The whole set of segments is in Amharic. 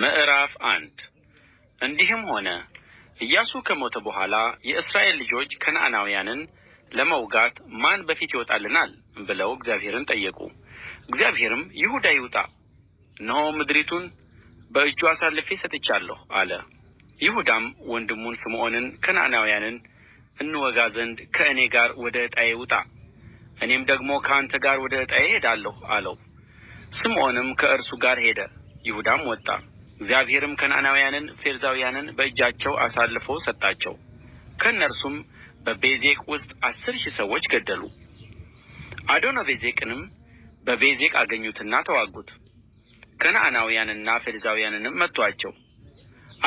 ምዕራፍ አንድ እንዲህም ሆነ ኢያሱ ከሞተ በኋላ የእስራኤል ልጆች ከነዓናውያንን ለመውጋት ማን በፊት ይወጣልናል ብለው እግዚአብሔርን ጠየቁ። እግዚአብሔርም ይሁዳ ይውጣ፣ እነሆ ምድሪቱን በእጁ አሳልፌ ሰጥቻለሁ አለ። ይሁዳም ወንድሙን ስምዖንን ከነዓናውያንን እንወጋ ዘንድ ከእኔ ጋር ወደ ዕጣዬ ውጣ፣ እኔም ደግሞ ከአንተ ጋር ወደ ዕጣዬ እሄዳለሁ አለው። ስምዖንም ከእርሱ ጋር ሄደ፣ ይሁዳም ወጣ። እግዚአብሔርም ከነዓናውያንን፣ ፌርዛውያንን በእጃቸው አሳልፎ ሰጣቸው። ከእነርሱም በቤዜቅ ውስጥ አስር ሺህ ሰዎች ገደሉ። አዶኖቤዜቅንም በቤዜቅ አገኙትና ተዋጉት። ከነዓናውያንና ፌርዛውያንንም መቱአቸው።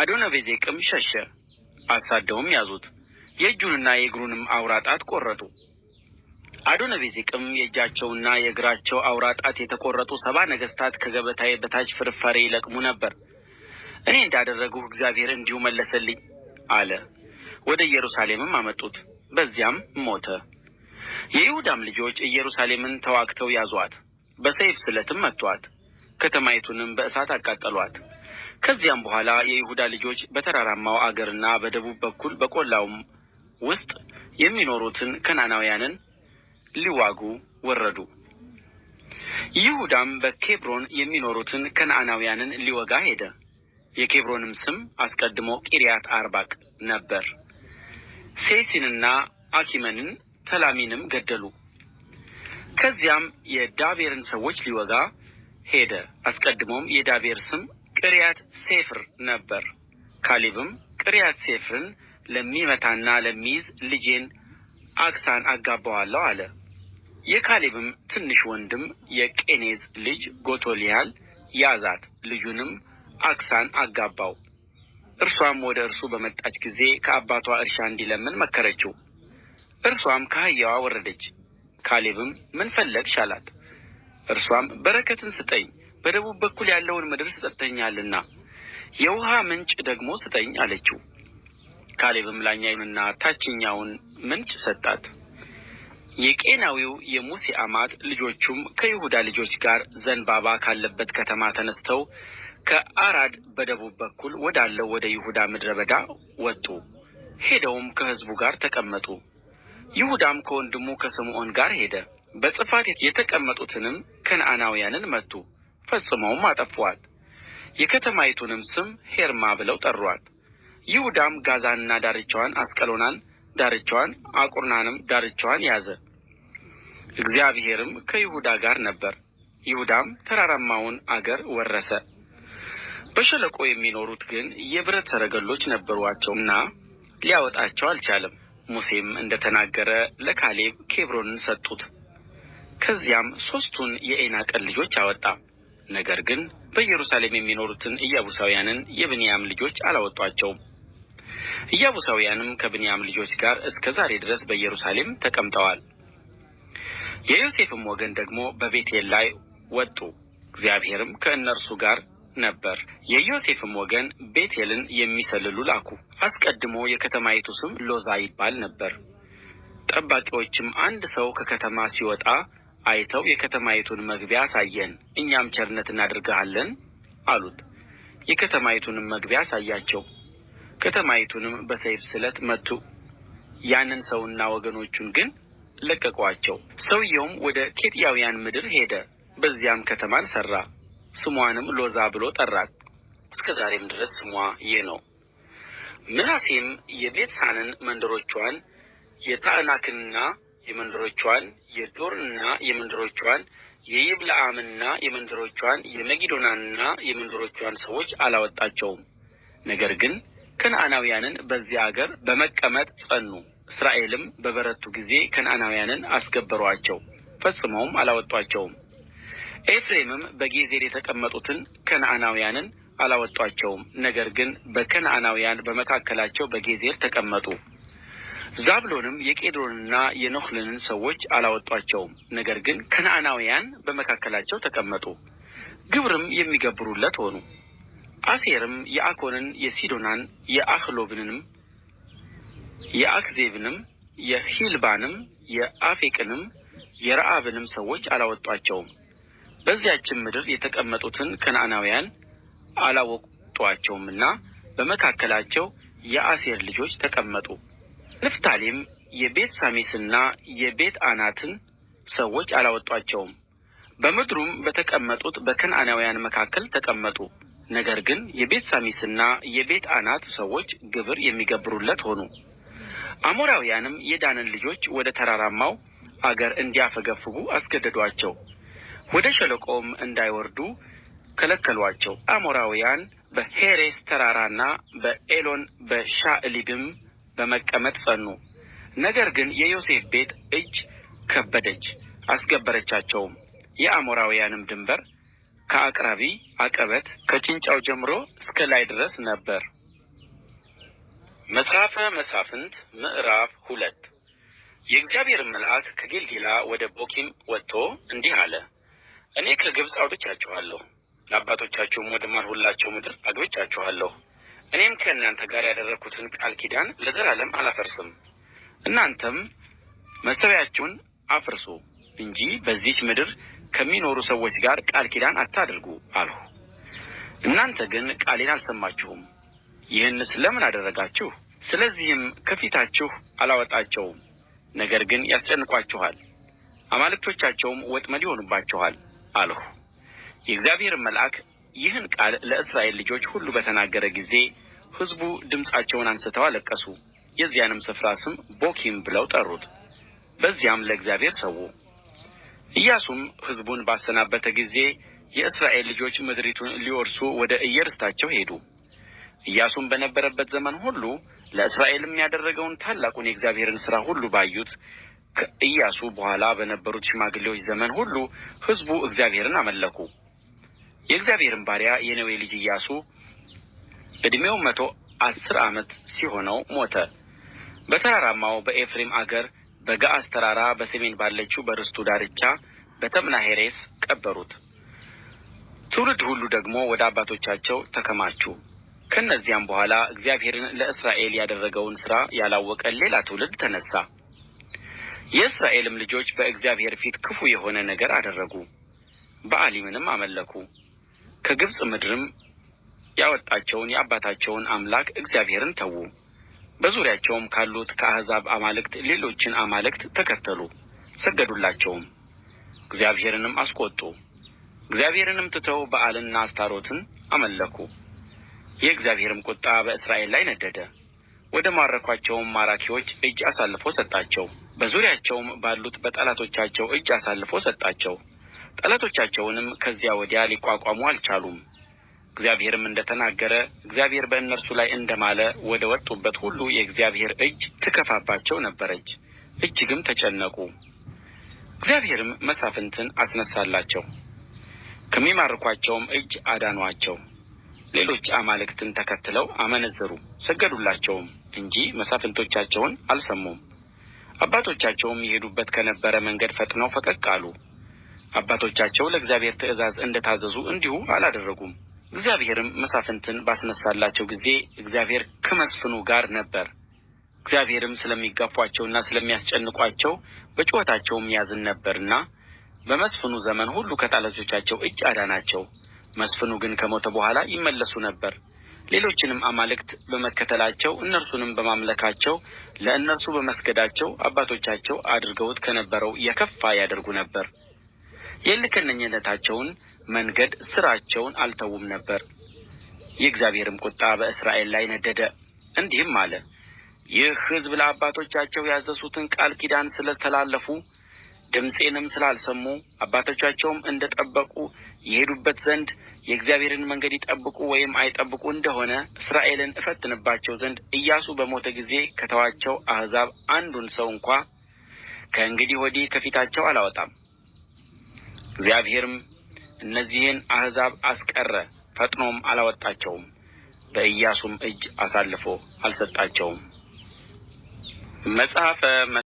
አዶኖቤዜቅም ሸሸ፣ አሳደውም ያዙት። የእጁንና የእግሩንም አውራ ጣት ቈረጡ። አዶኖቤዜቅም የእጃቸውና የእግራቸው አውራ ጣት የተቈረጡ ሰባ ነገሥታት ከገበታዬ በታች ፍርፋሬ ይለቅሙ ነበር እኔ እንዳደረግሁ እግዚአብሔር እንዲሁ መለሰልኝ አለ። ወደ ኢየሩሳሌምም አመጡት፣ በዚያም ሞተ። የይሁዳም ልጆች ኢየሩሳሌምን ተዋግተው ያዟት፣ በሰይፍ ስለትም መቷት፣ ከተማይቱንም በእሳት አቃጠሏት። ከዚያም በኋላ የይሁዳ ልጆች በተራራማው አገርና በደቡብ በኩል በቈላውም ውስጥ የሚኖሩትን ከናናውያንን ሊዋጉ ወረዱ። ይሁዳም በኬብሮን የሚኖሩትን ከነዓናውያንን ሊወጋ ሄደ። የኬብሮንም ስም አስቀድሞ ቂርያት አርባቅ ነበር። ሴሲንና አኪመንን ተላሚንም ገደሉ። ከዚያም የዳቤርን ሰዎች ሊወጋ ሄደ። አስቀድሞም የዳቤር ስም ቅሪያት ሴፍር ነበር። ካሊብም ቅሪያት ሴፍርን ለሚመታና ለሚይዝ ልጄን አክሳን አጋባዋለሁ አለ። የካሊብም ትንሽ ወንድም የቄኔዝ ልጅ ጎቶሊያል ያዛት፣ ልጁንም አክሳን አጋባው። እርሷም ወደ እርሱ በመጣች ጊዜ ከአባቷ እርሻ እንዲለምን መከረችው። እርሷም ከአህያዋ ወረደች። ካሌብም ምን ፈለግሽ አላት። እርሷም በረከትን ስጠኝ፣ በደቡብ በኩል ያለውን ምድር ሰጥተኸኛልና የውሃ ምንጭ ደግሞ ስጠኝ አለችው። ካሌብም ላይኛውንና ታችኛውን ምንጭ ሰጣት። የቄናዊው የሙሴ አማት ልጆቹም ከይሁዳ ልጆች ጋር ዘንባባ ካለበት ከተማ ተነስተው ከአራድ በደቡብ በኩል ወዳለው ወደ ይሁዳ ምድረ በዳ ወጡ። ሄደውም ከሕዝቡ ጋር ተቀመጡ። ይሁዳም ከወንድሙ ከስምዖን ጋር ሄደ። በጽፋት የተቀመጡትንም ከነዓናውያንን መቱ፣ ፈጽመውም አጠፉአት። የከተማይቱንም ስም ሄርማ ብለው ጠሯት። ይሁዳም ጋዛንና ዳርቻዋን፣ አስቀሎናን ዳርቻዋን፣ አቁርናንም ዳርቻዋን ያዘ። እግዚአብሔርም ከይሁዳ ጋር ነበር። ይሁዳም ተራራማውን አገር ወረሰ። በሸለቆ የሚኖሩት ግን የብረት ሰረገሎች ነበሩአቸውና ሊያወጣቸው አልቻለም። ሙሴም እንደ ተናገረ ለካሌብ ኬብሮንን ሰጡት። ከዚያም ሦስቱን የዔናቀን ልጆች አወጣ። ነገር ግን በኢየሩሳሌም የሚኖሩትን ኢያቡሳውያንን የብንያም ልጆች አላወጧቸውም። ኢያቡሳውያንም ከብንያም ልጆች ጋር እስከ ዛሬ ድረስ በኢየሩሳሌም ተቀምጠዋል። የዮሴፍም ወገን ደግሞ በቤቴል ላይ ወጡ። እግዚአብሔርም ከእነርሱ ጋር ነበር። የዮሴፍም ወገን ቤቴልን የሚሰልሉ ላኩ። አስቀድሞ የከተማይቱ ስም ሎዛ ይባል ነበር። ጠባቂዎችም አንድ ሰው ከከተማ ሲወጣ አይተው የከተማይቱን መግቢያ አሳየን፣ እኛም ቸርነት እናደርግሃለን አሉት። የከተማይቱንም መግቢያ አሳያቸው። ከተማይቱንም በሰይፍ ስለት መቱ። ያንን ሰውና ወገኖቹን ግን ለቀቋቸው። ሰውየውም ወደ ኬጢያውያን ምድር ሄደ፣ በዚያም ከተማን ሠራ። ስሟንም ሎዛ ብሎ ጠራት። እስከ ዛሬም ድረስ ስሟ ይህ ነው። ምናሴም የቤትሳንን መንደሮቿን የታዕናክንና የመንደሮቿን የዶርንና የመንደሮቿን የይብልአምና የመንደሮቿን የመጊዶናንና የመንደሮቿን ሰዎች አላወጣቸውም። ነገር ግን ከነዓናውያንን በዚያ አገር በመቀመጥ ጸኑ። እስራኤልም በበረቱ ጊዜ ከነዓናውያንን አስገበሯቸው፣ ፈጽመውም አላወጧቸውም። ኤፍሬምም በጌዜር የተቀመጡትን ከነዓናውያንን አላወጧቸውም፣ ነገር ግን በከነዓናውያን በመካከላቸው በጌዜር ተቀመጡ። ዛብሎንም የቄድሮንና የኖኅልንን ሰዎች አላወጧቸውም፣ ነገር ግን ከነዓናውያን በመካከላቸው ተቀመጡ፣ ግብርም የሚገብሩለት ሆኑ። አሴርም የአኮንን፣ የሲዶናን፣ የአህሎብንም፣ የአክዜብንም፣ የሂልባንም፣ የአፌቅንም፣ የረአብንም ሰዎች አላወጧቸውም። በዚያችም ምድር የተቀመጡትን ከነዓናውያን አላወጡአቸውምና በመካከላቸው የአሴር ልጆች ተቀመጡ። ንፍታሌም የቤት ሳሚስና የቤት አናትን ሰዎች አላወጧቸውም። በምድሩም በተቀመጡት በከነዓናውያን መካከል ተቀመጡ። ነገር ግን የቤት ሳሚስና የቤት አናት ሰዎች ግብር የሚገብሩለት ሆኑ። አሞራውያንም የዳንን ልጆች ወደ ተራራማው አገር እንዲያፈገፍጉ አስገደዷቸው። ወደ ሸለቆውም እንዳይወርዱ ከለከሏቸው። አሞራውያን በሄሬስ ተራራና በኤሎን በሻዕሊብም በመቀመጥ ጸኑ። ነገር ግን የዮሴፍ ቤት እጅ ከበደች፣ አስገበረቻቸውም። የአሞራውያንም ድንበር ከአቅራቢ አቀበት ከጭንጫው ጀምሮ እስከ ላይ ድረስ ነበር። መጽሐፈ መሳፍንት ምዕራፍ ሁለት የእግዚአብሔርም መልአክ ከጌልጌላ ወደ ቦኪም ወጥቶ እንዲህ አለ። እኔ ከግብፅ አውጥቻችኋለሁ፣ ለአባቶቻችሁም ወደ ማልሁላቸው ምድር አግብቻችኋለሁ። እኔም ከእናንተ ጋር ያደረግኩትን ቃል ኪዳን ለዘላለም አላፈርስም። እናንተም መሠዊያችሁን አፍርሱ እንጂ በዚች ምድር ከሚኖሩ ሰዎች ጋር ቃል ኪዳን አታድርጉ አልሁ። እናንተ ግን ቃሌን አልሰማችሁም። ይህንስ ለምን አደረጋችሁ? ስለዚህም ከፊታችሁ አላወጣቸውም። ነገር ግን ያስጨንቋችኋል፣ አማልክቶቻቸውም ወጥመድ ይሆኑባችኋል። አልሁ። የእግዚአብሔር መልአክ ይህን ቃል ለእስራኤል ልጆች ሁሉ በተናገረ ጊዜ ሕዝቡ ድምፃቸውን አንስተው አለቀሱ። የዚያንም ስፍራ ስም ቦኪም ብለው ጠሩት። በዚያም ለእግዚአብሔር ሰዉ። ኢያሱም ሕዝቡን ባሰናበተ ጊዜ የእስራኤል ልጆች ምድሪቱን ሊወርሱ ወደ እየርስታቸው ሄዱ። ኢያሱም በነበረበት ዘመን ሁሉ ለእስራኤልም ያደረገውን ታላቁን የእግዚአብሔርን ሥራ ሁሉ ባዩት ከኢያሱ በኋላ በነበሩት ሽማግሌዎች ዘመን ሁሉ ሕዝቡ እግዚአብሔርን አመለኩ። የእግዚአብሔርን ባሪያ የነዌ ልጅ ኢያሱ ዕድሜው መቶ አስር ዓመት ሲሆነው ሞተ። በተራራማው በኤፍሬም አገር በገአስ ተራራ በሰሜን ባለችው በርስቱ ዳርቻ በተምናሄሬስ ቀበሩት። ትውልድ ሁሉ ደግሞ ወደ አባቶቻቸው ተከማቹ። ከእነዚያም በኋላ እግዚአብሔርን ለእስራኤል ያደረገውን ሥራ ያላወቀ ሌላ ትውልድ ተነሣ። የእስራኤልም ልጆች በእግዚአብሔር ፊት ክፉ የሆነ ነገር አደረጉ፣ በኣሊምንም አመለኩ። ከግብፅ ምድርም ያወጣቸውን የአባታቸውን አምላክ እግዚአብሔርን ተዉ። በዙሪያቸውም ካሉት ከአሕዛብ አማልክት ሌሎችን አማልክት ተከተሉ፣ ሰገዱላቸውም፣ እግዚአብሔርንም አስቈጡ። እግዚአብሔርንም ትተው በኣልና አስታሮትን አመለኩ። የእግዚአብሔርም ቍጣ በእስራኤል ላይ ነደደ። ወደ ማረኳቸውም ማራኪዎች እጅ አሳልፎ ሰጣቸው። በዙሪያቸውም ባሉት በጠላቶቻቸው እጅ አሳልፎ ሰጣቸው። ጠላቶቻቸውንም ከዚያ ወዲያ ሊቋቋሙ አልቻሉም። እግዚአብሔርም እንደ ተናገረ እግዚአብሔር በእነርሱ ላይ እንደማለ ወደ ወጡበት ሁሉ የእግዚአብሔር እጅ ትከፋባቸው ነበረች። እጅግም ተጨነቁ። እግዚአብሔርም መሳፍንትን አስነሳላቸው፣ ከሚማርኳቸውም እጅ አዳኗቸው። ሌሎች አማልክትን ተከትለው አመነዘሩ፣ ሰገዱላቸውም። እንጂ መሳፍንቶቻቸውን አልሰሙም። አባቶቻቸውም የሄዱበት ከነበረ መንገድ ፈጥነው ፈቀቅ አሉ። አባቶቻቸው ለእግዚአብሔር ትእዛዝ እንደ ታዘዙ እንዲሁ አላደረጉም። እግዚአብሔርም መሳፍንትን ባስነሳላቸው ጊዜ እግዚአብሔር ከመስፍኑ ጋር ነበር። እግዚአብሔርም ስለሚጋፏቸውና ስለሚያስጨንቋቸው በጩኸታቸውም ያዝን ነበርና በመስፍኑ ዘመን ሁሉ ከጠላቶቻቸው እጅ አዳናቸው። መስፍኑ ግን ከሞተ በኋላ ይመለሱ ነበር። ሌሎችንም አማልክት በመከተላቸው እነርሱንም በማምለካቸው ለእነርሱ በመስገዳቸው አባቶቻቸው አድርገውት ከነበረው የከፋ ያደርጉ ነበር። የልከነኝነታቸውን መንገድ ሥራቸውን አልተዉም ነበር። የእግዚአብሔርም ቁጣ በእስራኤል ላይ ነደደ፣ እንዲህም አለ፦ ይህ ሕዝብ ለአባቶቻቸው ያዘዝሁትን ቃል ኪዳን ስለ ተላለፉ ድምፄንም ስላልሰሙ አባቶቻቸውም እንደ ጠበቁ ይሄዱበት ዘንድ የእግዚአብሔርን መንገድ ይጠብቁ ወይም አይጠብቁ እንደሆነ እስራኤልን እፈትንባቸው ዘንድ ኢያሱ በሞተ ጊዜ ከተዋቸው አሕዛብ አንዱን ሰው እንኳ ከእንግዲህ ወዲህ ከፊታቸው አላወጣም። እግዚአብሔርም እነዚህን አሕዛብ አስቀረ፣ ፈጥኖም አላወጣቸውም፣ በኢያሱም እጅ አሳልፎ አልሰጣቸውም። መጽሐፈ